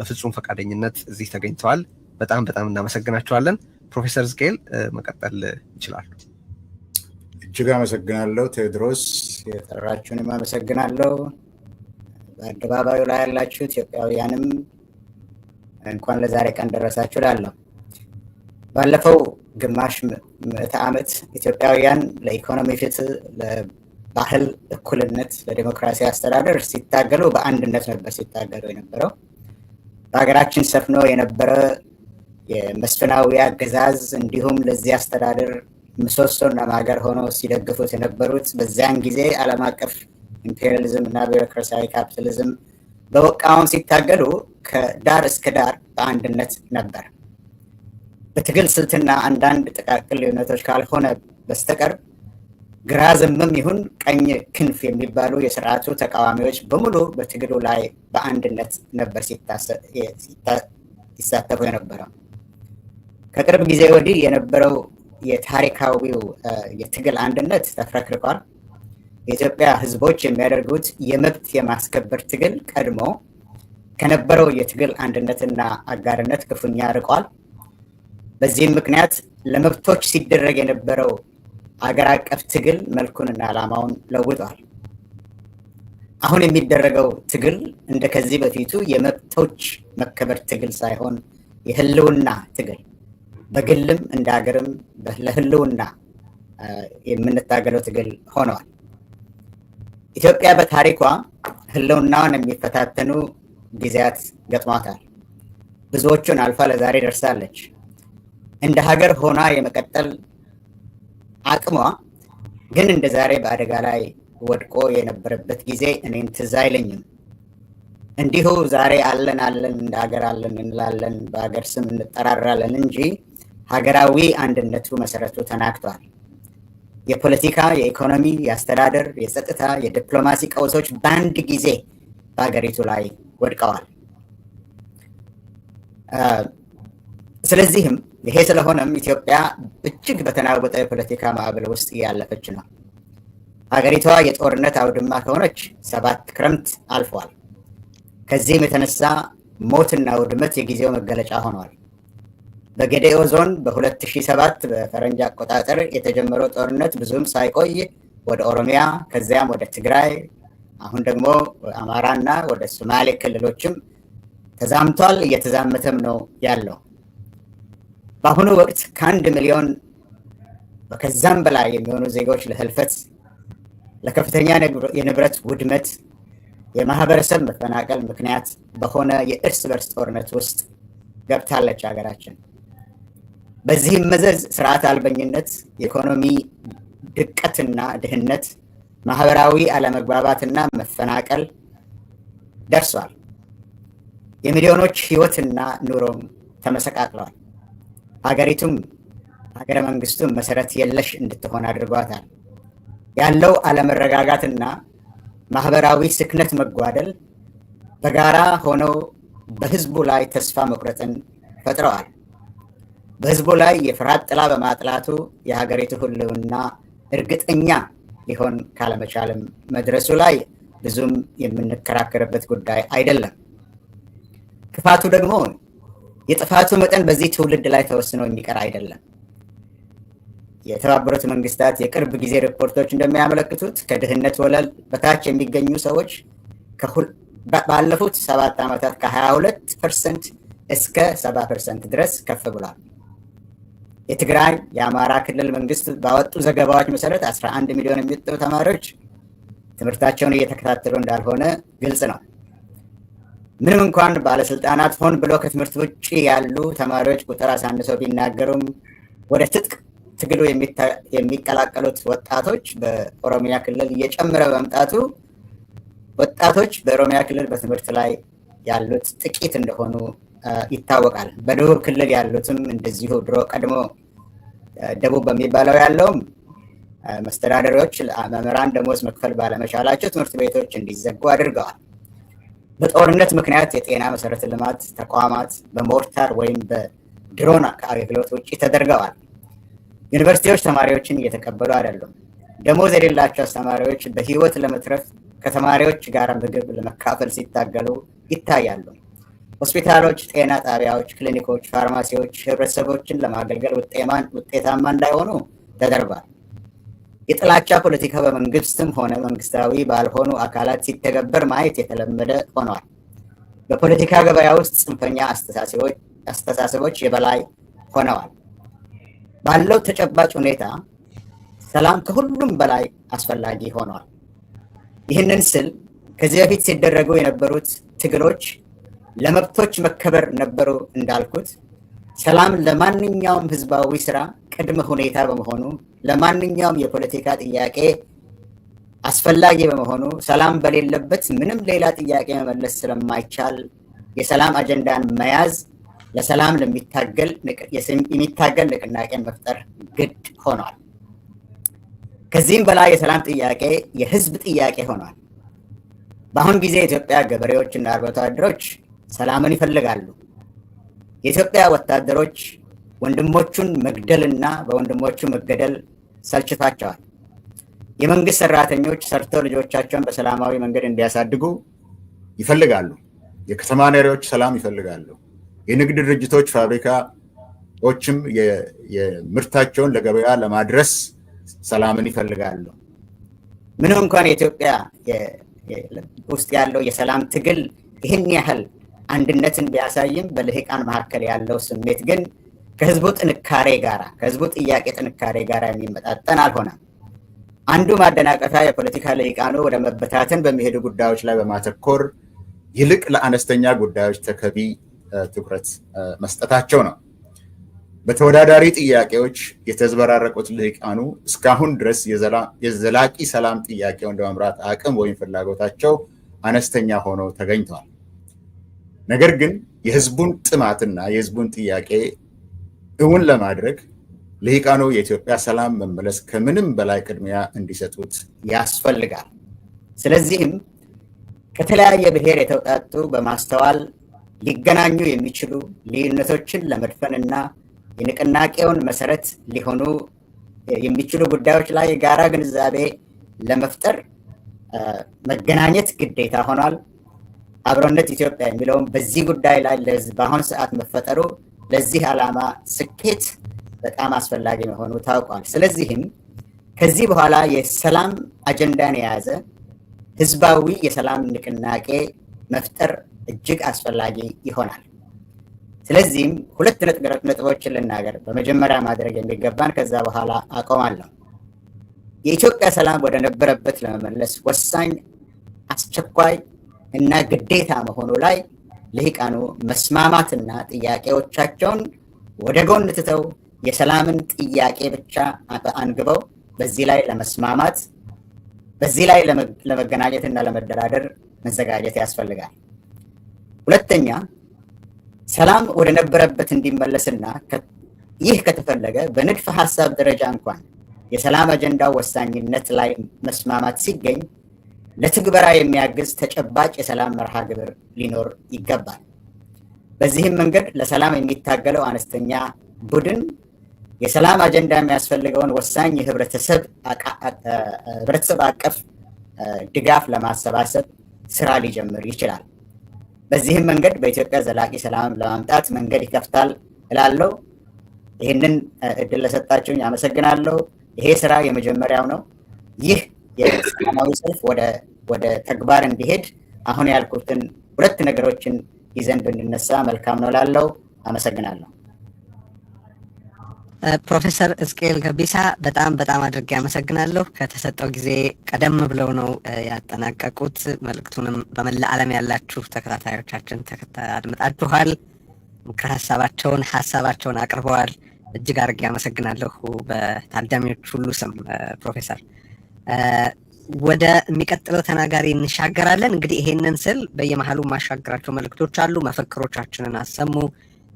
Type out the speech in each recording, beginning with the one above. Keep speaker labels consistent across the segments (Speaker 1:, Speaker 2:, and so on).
Speaker 1: በፍጹም ፈቃደኝነት እዚህ ተገኝተዋል። በጣም በጣም እናመሰግናቸዋለን። ፕሮፌሰር ዝቅኤል መቀጠል ይችላሉ።
Speaker 2: እጅግ አመሰግናለሁ ቴዎድሮስ፣ የጠራችሁንም አመሰግናለሁ። በአደባባዩ ላይ ያላችሁ ኢትዮጵያውያንም እንኳን ለዛሬ ቀን ደረሳችሁ ላለሁ ባለፈው ግማሽ ምዕተ ዓመት ኢትዮጵያውያን ለኢኮኖሚ ፍትህ፣ ለባህል እኩልነት፣ ለዲሞክራሲ አስተዳደር ሲታገሉ በአንድነት ነበር ሲታገሉ የነበረው። በሀገራችን ሰፍኖ የነበረ የመስፍናዊ አገዛዝ እንዲሁም ለዚህ አስተዳደር ምሰሶና ማገር ሆኖ ሲደግፉት የነበሩት በዚያን ጊዜ ዓለም አቀፍ ኢምፔሪያሊዝም እና ቢሮክራሲያዊ ካፒታሊዝም በወቃውን ሲታገሉ ከዳር እስከ ዳር በአንድነት ነበር። በትግል ስልትና አንዳንድ ጥቃቅን ልዩነቶች ካልሆነ በስተቀር ግራ ዘመም ይሁን ቀኝ ክንፍ የሚባሉ የስርዓቱ ተቃዋሚዎች በሙሉ በትግሉ ላይ በአንድነት ነበር ሲሳተፉ የነበረው። ከቅርብ ጊዜ ወዲህ የነበረው የታሪካዊው የትግል አንድነት ተፍረክርቋል። የኢትዮጵያ ሕዝቦች የሚያደርጉት የመብት የማስከበር ትግል ቀድሞ ከነበረው የትግል አንድነትና አጋርነት ክፉኛ ርቋል። በዚህም ምክንያት ለመብቶች ሲደረግ የነበረው አገር አቀፍ ትግል መልኩንና ዓላማውን ለውጧል። አሁን የሚደረገው ትግል እንደ ከዚህ በፊቱ የመብቶች መከበር ትግል ሳይሆን የህልውና ትግል፣ በግልም እንደ ሀገርም ለህልውና የምንታገለው ትግል ሆነዋል። ኢትዮጵያ በታሪኳ ህልውናዋን የሚፈታተኑ ጊዜያት ገጥሟታል። ብዙዎቹን አልፋ ለዛሬ ደርሳለች። እንደ ሀገር ሆና የመቀጠል አቅሟ ግን እንደ ዛሬ በአደጋ ላይ ወድቆ የነበረበት ጊዜ እኔም ትዝ አይለኝም። እንዲሁ ዛሬ አለን አለን እንደ ሀገር አለን እንላለን፣ በሀገር ስም እንጠራራለን እንጂ ሀገራዊ አንድነቱ መሰረቱ ተናግቷል። የፖለቲካ፣ የኢኮኖሚ፣ የአስተዳደር፣ የጸጥታ፣ የዲፕሎማሲ ቀውሶች በአንድ ጊዜ በሀገሪቱ ላይ ወድቀዋል። ስለዚህም ይሄ ስለሆነም ኢትዮጵያ እጅግ በተናወጠ የፖለቲካ ማዕበል ውስጥ እያለፈች ነው። ሀገሪቷ የጦርነት አውድማ ከሆነች ሰባት ክረምት አልፏል። ከዚህም የተነሳ ሞትና ውድመት የጊዜው መገለጫ ሆኗል። በጌዴኦ ዞን በ2007 በፈረንጅ አቆጣጠር የተጀመረው ጦርነት ብዙም ሳይቆይ ወደ ኦሮሚያ ከዚያም ወደ ትግራይ አሁን ደግሞ አማራና ወደ ሶማሌ ክልሎችም ተዛምቷል፣ እየተዛመተም ነው ያለው። በአሁኑ ወቅት ከአንድ ሚሊዮን ከዛም በላይ የሚሆኑ ዜጎች ለህልፈት፣ ለከፍተኛ የንብረት ውድመት፣ የማህበረሰብ መፈናቀል ምክንያት በሆነ የእርስ በርስ ጦርነት ውስጥ ገብታለች ሀገራችን። በዚህም መዘዝ ስርዓት አልበኝነት፣ የኢኮኖሚ ድቀትና ድህነት፣ ማህበራዊ አለመግባባትና መፈናቀል ደርሷል። የሚሊዮኖች ህይወትና ኑሮም ተመሰቃቅለዋል። ሀገሪቱም ሀገረ መንግስቱም መሰረት የለሽ እንድትሆን አድርጓታል። ያለው አለመረጋጋትና ማህበራዊ ስክነት መጓደል በጋራ ሆነው በህዝቡ ላይ ተስፋ መቁረጥን ፈጥረዋል። በህዝቡ ላይ የፍርሃት ጥላ በማጥላቱ የሀገሪቱ ህልውና እርግጠኛ ሊሆን ካለመቻልም መድረሱ ላይ ብዙም የምንከራከርበት ጉዳይ አይደለም። ክፋቱ ደግሞ የጥፋቱ መጠን በዚህ ትውልድ ላይ ተወስኖ የሚቀር አይደለም። የተባበሩት መንግስታት የቅርብ ጊዜ ሪፖርቶች እንደሚያመለክቱት ከድህነት ወለል በታች የሚገኙ ሰዎች ባለፉት ሰባት ዓመታት ከ22 ፐርሰንት እስከ 70 ፐርሰንት ድረስ ከፍ ብሏል። የትግራይ የአማራ ክልል መንግስት ባወጡ ዘገባዎች መሰረት 11 ሚሊዮን የሚጠጉ ተማሪዎች ትምህርታቸውን እየተከታተሉ እንዳልሆነ ግልጽ ነው። ምንም እንኳን ባለስልጣናት ሆን ብሎ ከትምህርት ውጭ ያሉ ተማሪዎች ቁጥር አሳንሰው ቢናገሩም ወደ ትጥቅ ትግሉ የሚቀላቀሉት ወጣቶች በኦሮሚያ ክልል እየጨመረ በመምጣቱ ወጣቶች በኦሮሚያ ክልል በትምህርት ላይ ያሉት ጥቂት እንደሆኑ ይታወቃል። በደቡብ ክልል ያሉትም እንደዚሁ ድሮ ቀድሞ ደቡብ በሚባለው ያለውም መስተዳደሮች መምህራን ደሞዝ መክፈል ባለመቻላቸው ትምህርት ቤቶች እንዲዘጉ አድርገዋል። በጦርነት ምክንያት የጤና መሰረተ ልማት ተቋማት በሞርታር ወይም በድሮን አገልግሎት ውጭ ተደርገዋል። ዩኒቨርሲቲዎች ተማሪዎችን እየተቀበሉ አይደሉም። ደሞዝ የሌላቸው አስተማሪዎች በህይወት ለመትረፍ ከተማሪዎች ጋር ምግብ ለመካፈል ሲታገሉ ይታያሉ። ሆስፒታሎች፣ ጤና ጣቢያዎች፣ ክሊኒኮች፣ ፋርማሲዎች ህብረተሰቦችን ለማገልገል ውጤታማ እንዳይሆኑ ተደርጓል። የጥላቻ ፖለቲካ በመንግስትም ሆነ መንግስታዊ ባልሆኑ አካላት ሲተገበር ማየት የተለመደ ሆኗል። በፖለቲካ ገበያ ውስጥ ጽንፈኛ አስተሳሰቦች የበላይ ሆነዋል። ባለው ተጨባጭ ሁኔታ ሰላም ከሁሉም በላይ አስፈላጊ ሆኗል። ይህንን ስል ከዚህ በፊት ሲደረጉ የነበሩት ትግሎች ለመብቶች መከበር ነበሩ እንዳልኩት ሰላም ለማንኛውም ህዝባዊ ስራ ቅድመ ሁኔታ በመሆኑ ለማንኛውም የፖለቲካ ጥያቄ አስፈላጊ በመሆኑ ሰላም በሌለበት ምንም ሌላ ጥያቄ መመለስ ስለማይቻል የሰላም አጀንዳን መያዝ ለሰላም የሚታገል ንቅናቄን መፍጠር ግድ ሆኗል። ከዚህም በላይ የሰላም ጥያቄ የህዝብ ጥያቄ ሆኗል። በአሁን ጊዜ የኢትዮጵያ ገበሬዎች እና አርብቶ አደሮች ሰላምን ይፈልጋሉ። የኢትዮጵያ ወታደሮች ወንድሞቹን መግደልና በወንድሞቹ መገደል ሰልችቷቸዋል። የመንግስት ሰራተኞች ሰርተው ልጆቻቸውን በሰላማዊ መንገድ እንዲያሳድጉ ይፈልጋሉ። የከተማ ነዋሪዎች ሰላም ይፈልጋሉ። የንግድ ድርጅቶች ፋብሪካዎችም የምርታቸውን ለገበያ ለማድረስ ሰላምን ይፈልጋሉ። ምንም እንኳን የኢትዮጵያ ውስጥ ያለው የሰላም ትግል ይህን ያህል አንድነትን ቢያሳይም በልሂቃን መካከል ያለው ስሜት ግን ከህዝቡ ጥንካሬ ጋር ከህዝቡ ጥያቄ ጥንካሬ ጋር የሚመጣጠን አልሆነም። አንዱ ማደናቀፊያ የፖለቲካ ልሂቃኑ ወደ መበታተን በሚሄዱ ጉዳዮች ላይ በማተኮር ይልቅ ለአነስተኛ ጉዳዮች ተከቢ ትኩረት መስጠታቸው ነው። በተወዳዳሪ ጥያቄዎች የተዝበራረቁት ልሂቃኑ እስካሁን ድረስ የዘላቂ ሰላም ጥያቄውን ለመምራት አቅም ወይም ፍላጎታቸው አነስተኛ ሆኖ ተገኝተዋል። ነገር ግን የህዝቡን ጥማትና የህዝቡን ጥያቄ እውን ለማድረግ ልሂቃኑ የኢትዮጵያ ሰላም መመለስ ከምንም በላይ ቅድሚያ እንዲሰጡት ያስፈልጋል። ስለዚህም ከተለያየ ብሔር የተውጣጡ በማስተዋል ሊገናኙ የሚችሉ ልዩነቶችን ለመድፈንና የንቅናቄውን መሰረት ሊሆኑ የሚችሉ ጉዳዮች ላይ የጋራ ግንዛቤ ለመፍጠር መገናኘት ግዴታ ሆኗል። አብሮነት ኢትዮጵያ የሚለውም በዚህ ጉዳይ ላይ ለሕዝብ በአሁኑ ሰዓት መፈጠሩ ለዚህ ዓላማ ስኬት በጣም አስፈላጊ መሆኑ ታውቋል። ስለዚህም ከዚህ በኋላ የሰላም አጀንዳን የያዘ ህዝባዊ የሰላም ንቅናቄ መፍጠር እጅግ አስፈላጊ ይሆናል። ስለዚህም ሁለት ነጥቦችን ልናገር። በመጀመሪያ ማድረግ የሚገባን ከዛ በኋላ አቆማለሁ። የኢትዮጵያ ሰላም ወደ ነበረበት ለመመለስ ወሳኝ አስቸኳይ እና ግዴታ መሆኑ ላይ ልሂቃኑ መስማማትና ጥያቄዎቻቸውን ወደ ጎን ትተው የሰላምን ጥያቄ ብቻ አንግበው በዚህ ላይ ለመስማማት በዚህ ላይ ለመገናኘትና ለመደራደር መዘጋጀት ያስፈልጋል። ሁለተኛ ሰላም ወደ ነበረበት እንዲመለስና ይህ ከተፈለገ በንድፈ ሀሳብ ደረጃ እንኳን የሰላም አጀንዳው ወሳኝነት ላይ መስማማት ሲገኝ ለትግበራ የሚያግዝ ተጨባጭ የሰላም መርሃ ግብር ሊኖር ይገባል። በዚህም መንገድ ለሰላም የሚታገለው አነስተኛ ቡድን የሰላም አጀንዳ የሚያስፈልገውን ወሳኝ የህብረተሰብ አቀፍ ድጋፍ ለማሰባሰብ ስራ ሊጀምር ይችላል። በዚህም መንገድ በኢትዮጵያ ዘላቂ ሰላም ለማምጣት መንገድ ይከፍታል እላለሁ። ይህንን እድል ለሰጣችሁኝ አመሰግናለሁ። ይሄ ስራ የመጀመሪያው ነው። ይህ የሰላማዊ ሰልፍ ወደ ተግባር እንዲሄድ አሁን ያልኩትን ሁለት ነገሮችን ይዘን ብንነሳ መልካም ነው ላለው አመሰግናለሁ።
Speaker 3: ፕሮፌሰር እስቅኤል ገቢሳ በጣም በጣም አድርጌ አመሰግናለሁ። ከተሰጠው ጊዜ ቀደም ብለው ነው ያጠናቀቁት። መልእክቱንም በመላ ዓለም ያላችሁ ተከታታዮቻችን አድምጣችኋል። ምክር ሀሳባቸውን ሀሳባቸውን አቅርበዋል። እጅግ አድርጌ አመሰግናለሁ በታዳሚዎች ሁሉ ስም ፕሮፌሰር ወደ የሚቀጥለው ተናጋሪ እንሻገራለን። እንግዲህ ይሄንን ስል በየመሀሉ የማሻገራቸው መልእክቶች አሉ። መፈክሮቻችንን አሰሙ።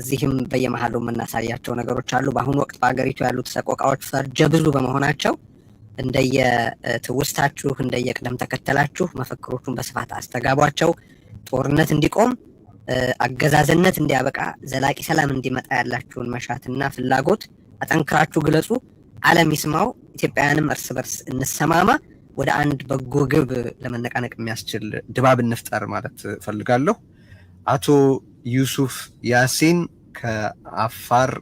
Speaker 3: እዚህም በየመሀሉ የምናሳያቸው ነገሮች አሉ። በአሁኑ ወቅት በሀገሪቱ ያሉት ሰቆቃዎች ፈርጀ ብዙ በመሆናቸው እንደየትውስታችሁ እንደየቅደም ተከተላችሁ መፈክሮቹን በስፋት አስተጋቧቸው። ጦርነት እንዲቆም፣ አገዛዝነት እንዲያበቃ፣ ዘላቂ ሰላም እንዲመጣ ያላችሁን መሻትና ፍላጎት አጠንክራችሁ ግለጹ። ዓለም ይስማው፣ ኢትዮጵያውያንም እርስ በርስ እንሰማማ፣ ወደ አንድ በጎ ግብ ለመነቃነቅ የሚያስችል ድባብ እንፍጠር ማለት ፈልጋለሁ።
Speaker 4: አቶ ዩሱፍ ያሲን ከአፋር